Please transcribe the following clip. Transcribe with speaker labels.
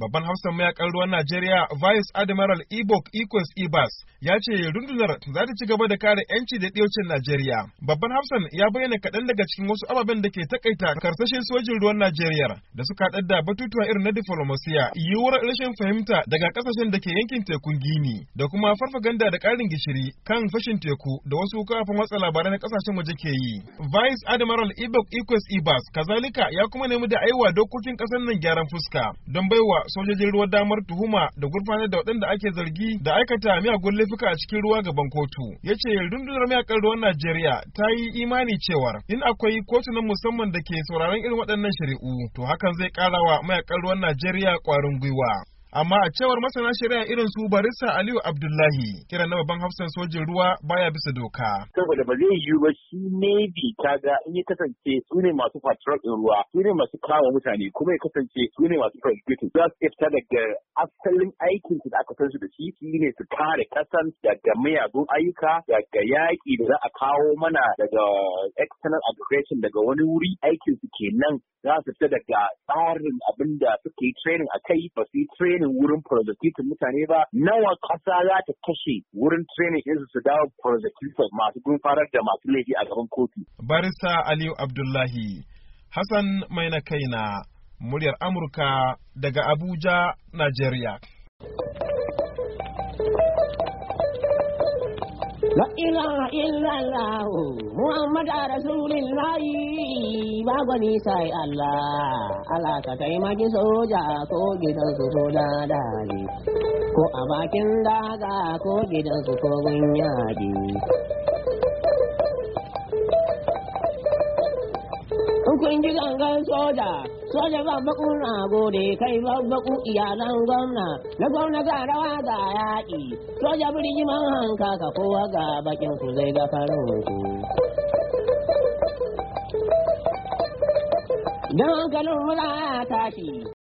Speaker 1: babban hafsan mayakan ruwan Najeriya Vice Admiral Ibok Ikos Ibas ya ce rundunar za ta ci gaba da kare 'yanci da ɗiyocin Najeriya. Babban hafsan ya bayyana kaɗan daga cikin wasu ababen da ke takaita karsashin sojin ruwan Najeriya da suka haɗar da batutuwa irin na diflomasiya, yiwuwar rashin fahimta daga ƙasashen da ke yankin tekun Gini da kuma farfaganda da ƙarin gishiri kan fashin teku da wasu kafin watsa labarai na ƙasashen waje ke yi. Vice Admiral Ibok Ikos Ibas kazalika ya kuma nemi da aiwa dokokin ƙasar nan gyaran fuska don baiwa sojojin ruwa damar tuhuma da gurfanar da waɗanda ake zargi da aikata miyagun laifuka a cikin ruwa gaban kotu. Ya ce rundunar miyakar ruwan Najeriya ta yi imani cewar in akwai kotu na musamman da ke sauraron irin waɗannan shari'u to hakan zai ƙara wa mayakan ruwan Najeriya ƙwarin gwiwa. Amma a cewar masana shari'a irin su barista Aliyu Abdullahi kiran na babban hafsan sojin ruwa baya bisa doka.
Speaker 2: Saboda ba zai yiwu ba shi Navy kaga in ya kasance su ne masu patrol ɗin ruwa su ne masu kama mutane kuma ya kasance su ne masu prosecuting za su iya fita daga asalin aikin da aka san su da shi shi ne su kare kasan daga miyagun ayyuka daga yaƙi da za a kawo mana daga external aggression daga wani wuri aikin su kenan za su fita daga tsarin abin da suke training a kai ba su yi training training wurin prosecutor mutane ba nawa ƙasa za ta kashe wurin training ɗinsu su dawo prosecutor masu farar da masu laifi a gaban kotu.
Speaker 1: Barista Aliyu Abdullahi Hassan Maina Kaina muryar Amurka daga Abuja, Najeriya.
Speaker 3: La ilaha illallah Muhammad Rasulullah ba gwani sai Allah Allah ka taimaki soja ko gidan su ko dadali ko a bakin daga ko gidan su ko gunyaji kun ji gangan soja soja babbaku na gode kai babbaku iyalan gwamna na gwamna ga rawa ga yaƙi soja birni man hanka ka kowa ga bakin ku zai ga farin ku don hankalin maza tashi